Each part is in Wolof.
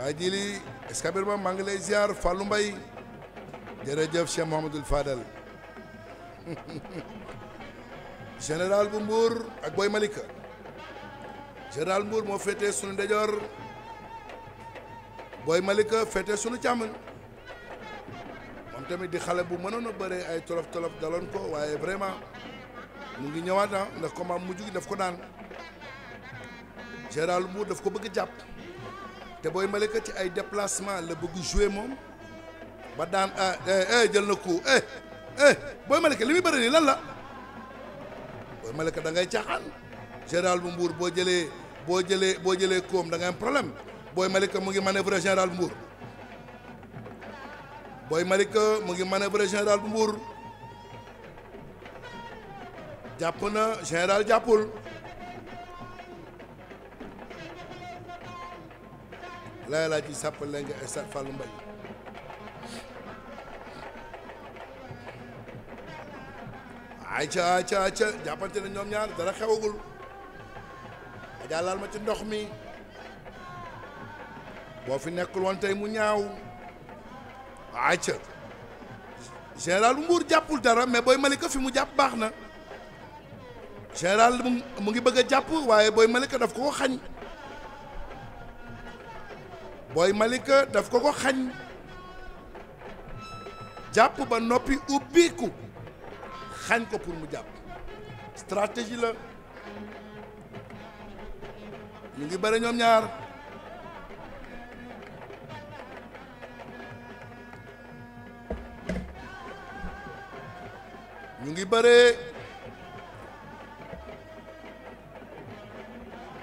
Baye Djili Escabir ma maa ngi lay ziar Fallou Mbaye jërëjëf Cheikh Mouhamadoul Fadal général bu Mbour ak Boy Malika général Mbour moo féetee sunu ndejoor Boy Malika fete sunu càmmoñ moom tamit di xale bu mënoon a bëree ay tolof tolof daloon ko waaye vraiment mu ngi ñëwaat ah ndax mam mujj gi daf ko daan général mbuur daf ko bëgg jàpp. te booy Malika ci ay déplacement la bëgg jouer moom ba daan ah, eh, eh, jël na coup eh eh booy Malika li muy bëri nii lan la booy Malika da ngay caaxaan général bu Mbour boo jëlee boo jëlee boo jëlee koom da ngay am problème booy Malika mu ngi manœuvrer général bu Mbour booy Malika mu ngi manœuvrer général bu Mbour jàpp na général jàppul. laay laaj ci sàppale nga stade Fallou Mbaye ay ca ca ca jàppante na ñoom ñaar dara xewagul jàllal ma ci ndox mi boo fi nekkul woon tey mu ñaaw ay ca général Mbour jàppul dara mais booy Malika fi mu jàpp baax na général mu ngi bëgg a jàpp waaye booy Malika daf koo xañ booy Malika daf ko ko xañ jàpp ba noppi ubbiku xañ ko pour mu jàpp stratégie la ñu ngi bëre ñoom ñaar ñu ngi bëree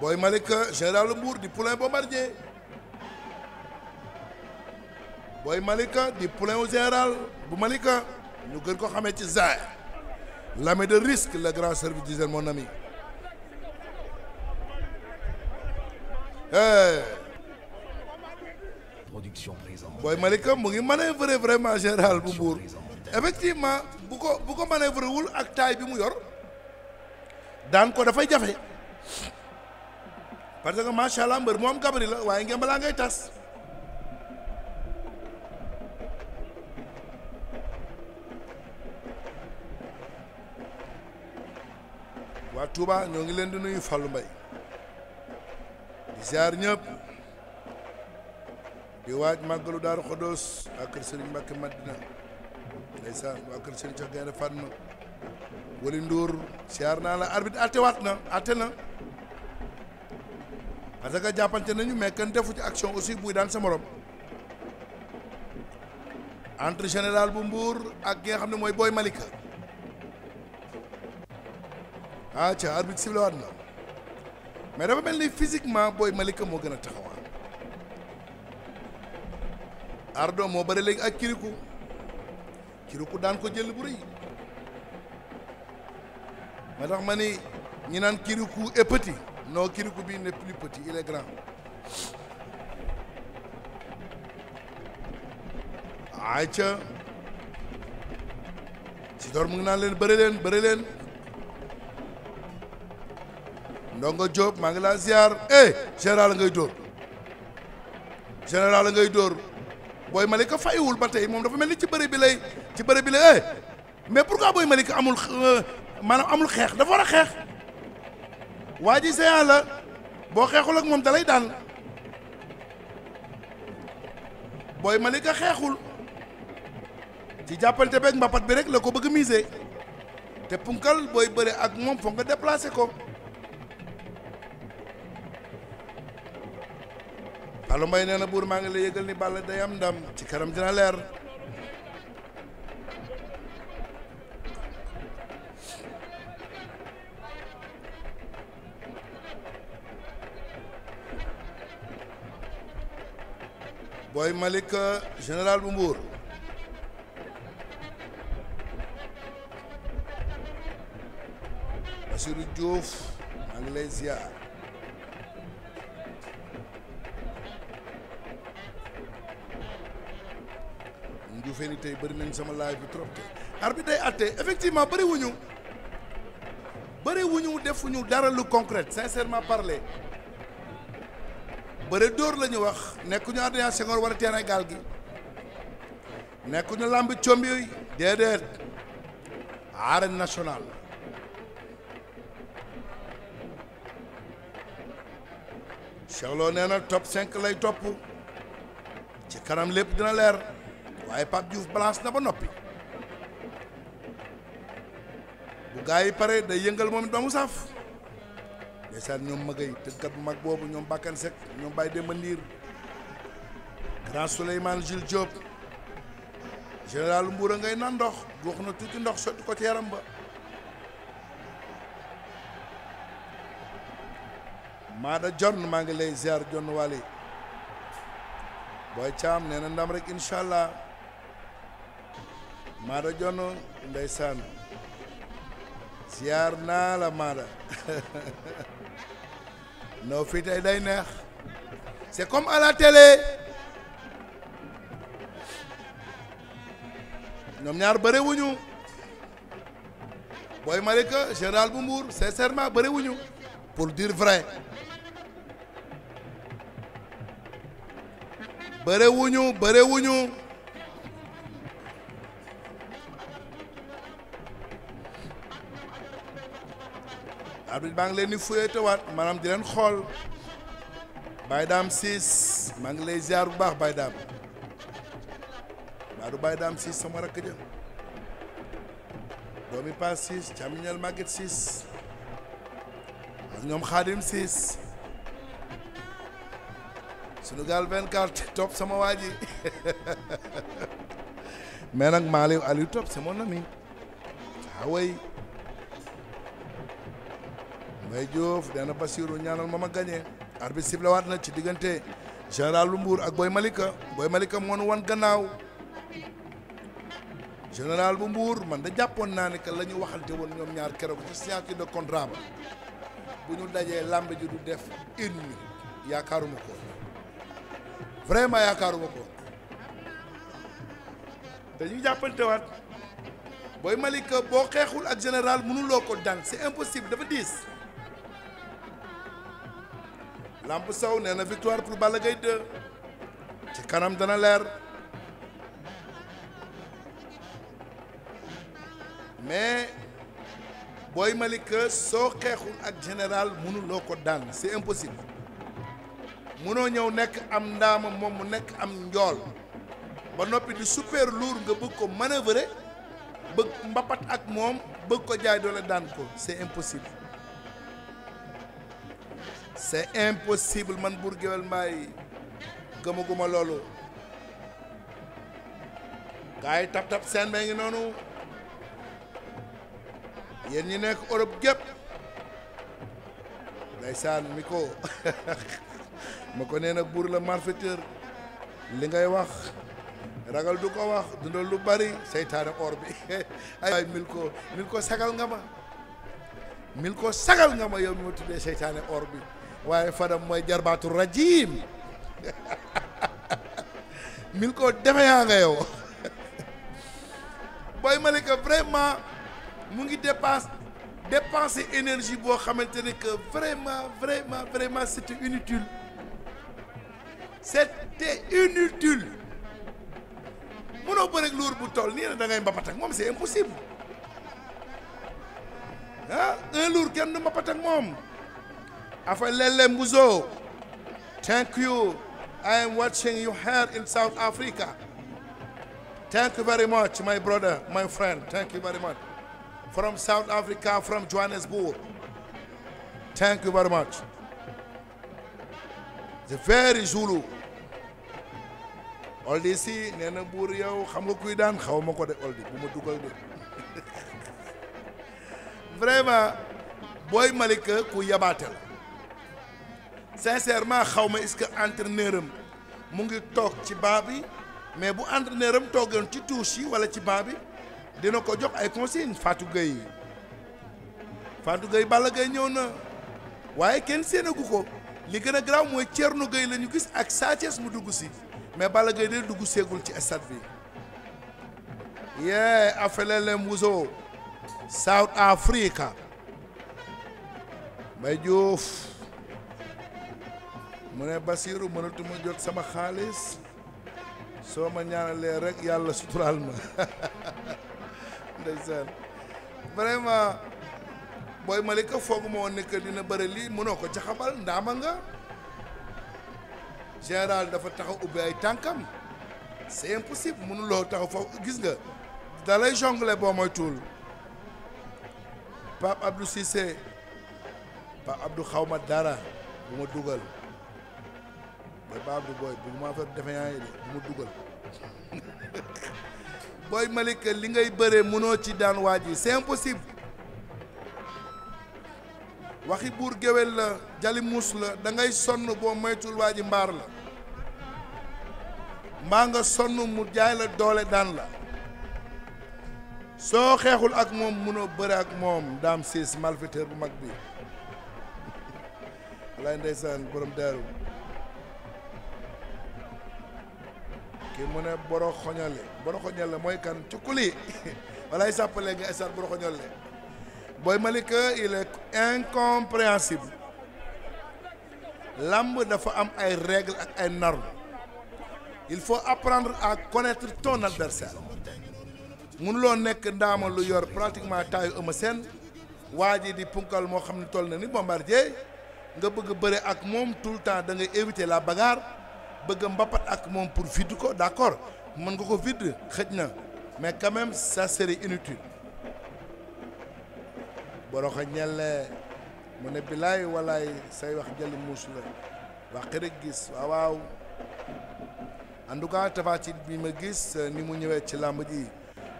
booy Malika général Mbour di poulain Bombardier booy Malika di poulain bu Malika ñu gën ko xamee ci Zaay l'ami de risque le grand service disait eh. mu ngi manœuvrer vraiment général bu Mbour effectivement bu ko bu ko manœuvrer wul ak taille bi mu yor daan ko dafay jafe parce que macha allah mbër mu gabari la waaye ngeen balaa ngay tas waa Touba ñoo ngi leen di nuyu Fallou Mbaye di ziar ñëpp di waaj màggalu Daaru Khodoos waa kër Serigne Mbacke Madina ndeysaan waa kër Serigne Cheikh Gaynde Fatma Wali Ndour ziar naa la arbitre atte waat na atte na parce que jàppante nañu mais kenn ci action aussi buy daan sa morom entre général bu Mbour ak ki nga xam ne mooy booy Malika. ah ca arbitre sifflé mais dafa mel ni physiquement booy Malika moo gën a taxawaan Ardo moo bëri léegi ak Kirikou Kirikou daan ko jël bu rëy ma tax ma naan Kirikou est petit non Kirikou bii n'est plus il est grand ayca mu ngi naan leen bëri leen ndongo Diop maa ngi laa ziar eh général ngay dóor général ngay dóor booy Malika fayiwul ba tey moom dafa mel ni ci bëri bi lay ci bëri bi lay eh mais pourquoi booy Malika amul euh, maanaam amul xeex dafa war a xeex waa ji séant la boo xeexul ak moom dalay daan booy Malika xeexul ci jàppante beeg mbapat bi rek la ko bëgg miser te punkal booy bëre ak moom foog nga déplacé ko Fallou Mbaye nee na buur maa ngi lay yëgal ni Balla day am ndam ci karam dina leer Boy Malick général bu Mbour Bassirou Diouf maa Diouféen yi tey bëri nañ sama live bi trop tey arbitre day àtte effectivement bëri wuñu bëri wuñu defuñu dara lu concret sincèrement parle bëri dóor la ñu wax nekkuñu Adrien Senghor war a terrain gi nekkuñu làmb combi yooyu déedéet arène nationale Cheikh Lo nee na top 5 lay topp ci kanam lépp dina leer ay Pape Diouf balance na ba noppi bu gaa yi pare day yëngal moom it ba mu saaf ndeysaan ñoom magay tëggkat bu mag boobu ñoom Bakkan Seck ñoom Baye Demba Ndiir grand Souleymane Jules Diop général Mbour ngay naan ndox guux na tuuti ndox sotti ko ci yaram ba Maada John maa ngi lay ziar John Wally booy caam nee ndam rek incha allah Maada Jonn ndeysaan siyaar naa la Maada non fii tey day neex c'est comme à la télé ñoom ñaar bëre wuñu Boy Malika général bu Mbour sincèrement bëre pour dire vrai bëre wuñu arbitre baa ngi leen di fuyetewaat maanaam di leen xool Baye Dame Ciss maa ngi lay ziar bu baax Baye Dame Badou Baye Dame Ciss sama rakk ja doomi Paas Ciss càmmiñal Maguette Ciss ak ñoom Xaadim Ciss Sunugal 24 topp sama waa ji mais nag Maliou Aliou topp c'est mon ami ah May Diouf nee na Bassirou ñaanal ma ma gagné arbitre sifflé waat na ci diggante général lu mbuur ak Boy Malika Boy Malika moo wan gannaaw général bu Mbour man da jàppoon naa ne que la ñu waxante woon ñoom ñaar keroog ci signature de contrat ba bu ñu dajee làmb ji du def une yaakaaruma ko vraiment yaakaaruma ko dañuy jàppante waat Boy Malika boo xeexul ak général mënuloo ko daan c'est impossible dafa diis. làmp Sow nee na victoire pour bala Gaye 2 ci kanam dana leer mais booy Malika soo xeexul ak général mënuloo ko daan c'est impossible mënoo ñëw nekk am ndaama moom mu nekk am njool ba noppi di super lourd nga bëgg ko manœuvrer bëgg mbapat ak moom bëgg ko jaay doole daan ko c'est impossible c'est impossible man Bour Gueweul mbaay gëmaguma loolu gars yi tap seen bee ngi noonu yen ñi nekk Europe gépp ndeysaan mi ko ma ko nee buur la malfaiteur li ngay wax ragal du ko wax dundal lu bari seytaane or bi ay waay mil sagal nga ma mil ko sagal nga ma yow mi ma tuddee seytaane or bi waaye fadam mooy jarbaatu rajim min ko defeyaa nga yow booy Malika vraiment mu ngi dépense dépenser énergie boo xamante ne que vraiment vraiment vraiment c'était inutile c'était inutile mënoo bëre ak luur bu toll nii ne da ngay mbapat ak moom c'est impossible ah un luur kenn du mbapat ak moom Afelele Muzo, thank you. I am watching you here in South Africa. Thank you very much, my brother, my friend. Thank you very much. From South Africa, from Johannesburg. Thank you very much. The very Zulu. All this nee na buur yow xam nga kuy daan xaw ma ko de oldi bu ma dugal de vraiment booy Malika ku yabaate la sincèrement xaw ma est-ce que entraîneur am mu ngi toog ci banc bi mais bu entraîneur am toogoon ci touche yi walla ci banc bi dina ko jox ay consignes Fatou Gueye Fatou Gueye Balla Gaye ñëw na waaye kenn séenagu ko li gën a garaaw mooy Thierno nu géey lañu gis ak Sa Thiès mu dugg si mais Balla Gaye de dugg seegul ci stade bi yee afelele Mbuso South Africa Mbaye Diouf mu ne Basiiru mënatuma jot sama xaalis soo ma ñaanalee rek yàlla suturaal ma ndeysaan vraiment booy Malika fooguma woon ne que dina bëri lii mënoo ko jaxabal ndaama nga général dafa taxaw ubbi ay tànkam c'est impossible mënuloo taxaw foofu gis nga dalay jongle boo mooy tuul Pape Abdou Cissé Pape Abdou xaw ma dara bu ma dugal booy Baabri booy bu ma fa defe mu ngi bu dugal booy Malick li ngay bëree mënoo ci daan waa ji c'est impossible waxi buur géwél la jali muus la da ngay sonn boo moytul waa ji mbaar la mbaa nga sonn mu jaay la doole daan la soo xeexul ak moom mënoo bëre ak moom daam siis malfaiteur bu mag bi walaay ndeysaan borom daaru kii mu ne boro xoñole boro xoñole mooy kan cukkuli wala ay sàppale nga star boro xoñole booy Malika il est incompréhensible làmb dafa am ay règles ak ay nar il faut apprendre ak connaître ton adversaire mënuloo nekk ndaama lu yor pratiquement taayu Eumeu Sène waa ji di punkal moo xam ne toll na ni Bombardier nga bëgg bëre ak moom tout le temps da ngay éviter la bagarre bëgg mbapat ak moom pour vider ko d'accord mën nga ko vider xëj na mais quand sa ça serait inutile boroxa ñelle mu ne bilaay walaay say wax jëli muus la wax rek gis waaw waaw en tout cas Tapha Tine bi ma gis ni mu ñëwee ci làmb ji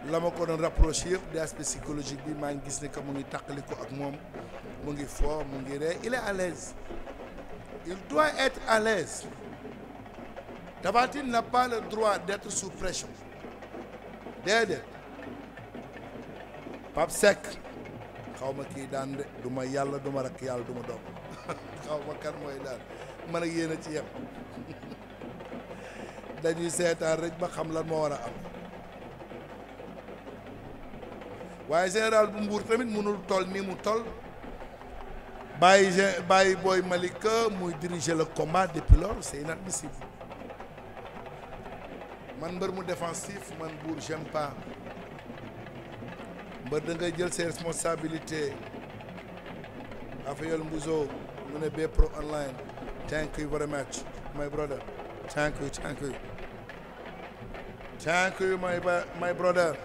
la ma ko doon rapproché yëpp des aspects psychologiques bi maa ngi gis ne que mu ngi tàqali ko ak moom mu ngi foo mu ngi ree il est à l'aise il doit être à l'aise Tapha Tine n'a pas le droit d'être sous pression déedéet Pape Seck xaw kii daan de du yàlla du ma rakk yàlla duma ma doom xaw ma kan mooy daan man ak yéen a ci yem dañuy seetaan rek ba xam la moo war a am waaye général bu mbuur tamit mënul toll ni mu toll bàyyi bàyyi booy Malika muy diriger le combat depuis lors c'est inadmissible man mbër mu défensif man buur j'aime pas mbër da ngay jël ses responsabilités Raphaël Mbouzo mu ne bee pro online thank you very much my brother thank you thank you my brother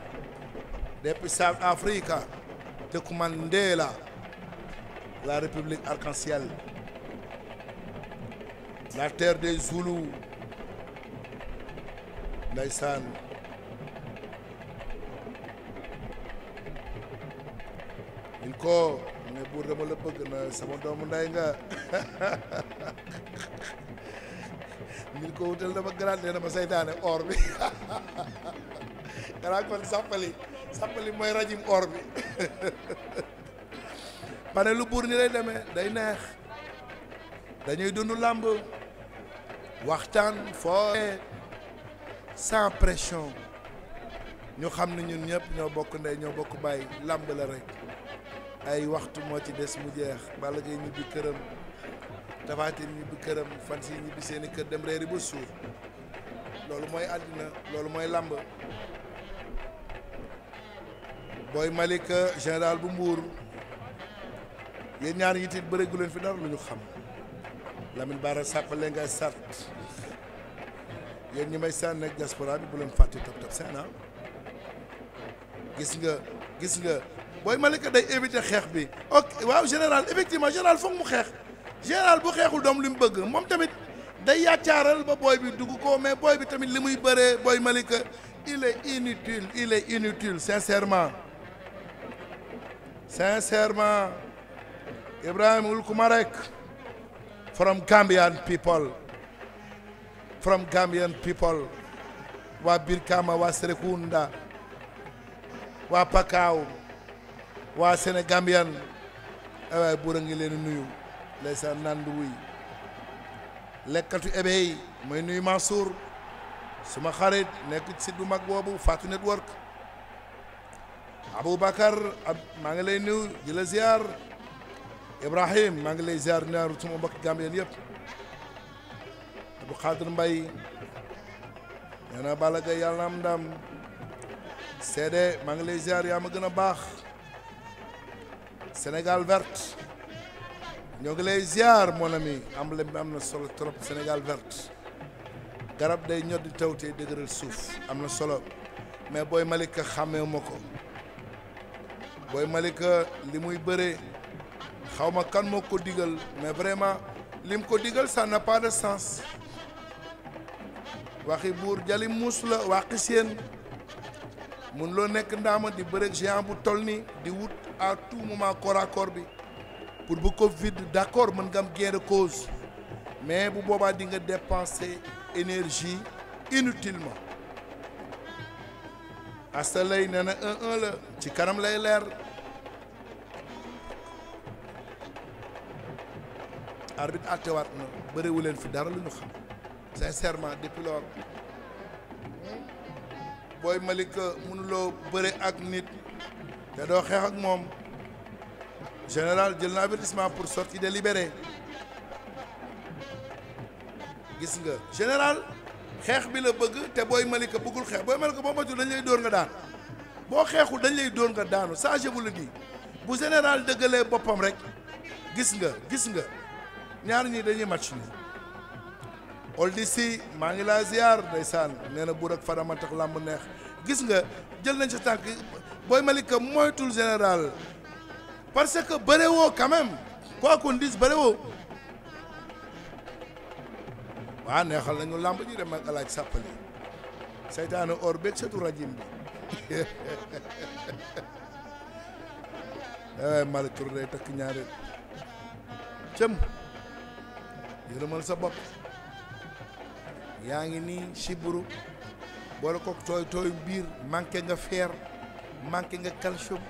depuis South Africa te ku la la république arc-en-ciel la terre des Zoulous ndeysaan il ko mu ne buur dama la bëgg na sama doomu nday nga mil ko wutal dama garaat nee na ma seytaane or bi xanaa kon sàppali sàppali mooy rajim or bi ma lu buur ni lay demee day neex dañuy dund làmb waxtaan foo sans pression ñu xam ne ñun ñëpp ñoo bokk ndey ñoo bokk bàyyi làmb la rek ay waxtu moo ci des mu jeex Balla Gaye ñibbi këram Tapha Tine ñibbi këram fan si ñibbi seen i kër dem reeri ba suur loolu mooy àddina loolu mooy làmb booy Malick général bu mbuur yéen ñaar yi tiit fi dara lu ñu xam Lamine Bara sàppale nga sart yéen ñi may sànn ak diaspora bi bu leen fàtte top top seen ah gis nga gis nga booy Malika day éviter xeex bi ok waaw général effectivement général foog mu xeex général bu xeexul doom li mu bëgg moom tamit day yaacaaral ba booy bi dugg ko mais booy bi tamit li muy bëree booy Malika il est inutile il est inutile sincèrement sincèrement Ibrahima Ulkumarek from Gambian people from Gambian people waa Birkama waa Serekunda waa Pakaaw waa Sénégambian ay waay buur a ngi leen nuyu ndeysaan nand wuy lekkatu ebe mooy nuyu Mansour suma xarit nekk ci du mag boobu Fatou Network Aboubacar maa ngi lay nuyu di la Ibrahim maa ngi lay ziar naaru suma mbokki Gambien yëpp bu Khadir Mbaye nee na Balla Gaye yàlla na am ndam seede maa ngi lay ziar yaa ma gën a baax senegal vert ñoo ngi lay ziar mon ami emblème bi am na solo trop Sénégal vert garab day ñod di taw tey dëgëral suuf am na solo mais booy Malika xàmmeewu ma ko booy Malika li muy bëree xaw ma kan moo ko digal mais vraiment lim ko digal ça n'a pas de sens. waxi buur jali muus la wàqi seen mun loo nekk ndaama di bëreeg géant bu toll ni di wut à tout moment corps à corps bi pour bu ko vide d'accord mën nga am cause mais bu boobaa di nga dépenser énergie inutilement asta lay nee na un la ci kanam lay leer arbitre àttewaat na bëriwu leen fi dara lu ñu xam sincèrement depuis lors booy Malick mënuloo bëre ak nit te doo xeex ak moom général jël na avertissement pour sortie délibérée gis nga général xeex bi la bëgg te booy Malick bëggul xeex booy Malick boo matul dañ lay dóor nga daan boo xeexul dañu lay dóor nga daanu ça je vous bu général dëggalee boppam rek gis nga gis nga ñaar ñii dañuy match nii ol si maa ngi laa ziar ndeysaan nee na buur ak fadama làmb neex gis nga jël nañ sa tànk booy Malika moytul général parce que bëre woo quand même quoi qu'on dise neexal nañu làmb ji dem ak alaaj sàppali seytaane or beeg setu rajim bi ay eh, Malick Touré day takk ñaareel cëm yërëmal sa bopp yaa ngi ni siburu boole ko tooy tooy biir manqué nga fer manqué nga calcium